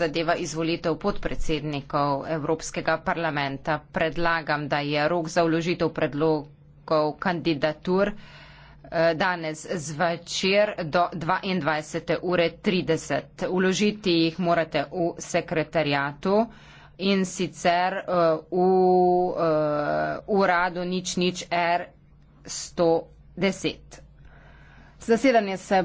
zadeva izvolitev podpredsednikov Evropskega parlamenta. Predlagam, da je rok za vložitev predlogov kandidatur eh, danes zvečer do 22.30. Uložiti jih morate v sekretarijatu in sicer eh, v eh, uradu nič nič R110. Zasedanje se